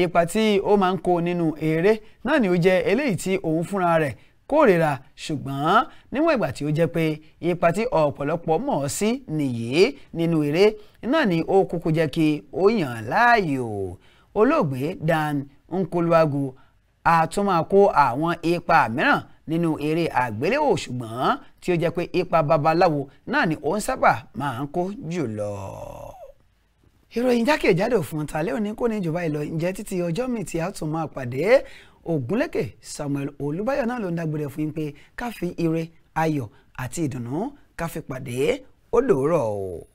ipa tí ó máa ń kó nínú eré náà ni ó jẹ́ eléyìí tí òun fúnra rẹ̀ kórìíra ṣùgbọ́n níwọ̀n ìgbà tí ó jẹ́ pé ipa tí ọ̀pọ̀lọpọ̀ mọ̀ ọ́ sí nìyí nínú eré náà ni ó kúkú jẹ́ kí ó yàn láàyò olóògbé Dan Nkoluagu a tún máa kó àwọn ipa mìíràn nínú eré àgbéléwò ṣùgbọ́n tí ó jẹ́ pé ipa babaláwo náà ni òun sábà máa ń kó jùlọ. ìròyìn jákèjádò fún tàlẹ́ òní kò ní jù báyìí lọ ǹjẹ́ títí ọjọ́ mi ti a tún máa pàdé Ògúnlékè Samuel Olúbáyọ̀ náà ló ń dágbére fún yín pé ká fi ire ayọ̀ àti ìdùnnú ká fi pàdé ó dòórọ̀ o.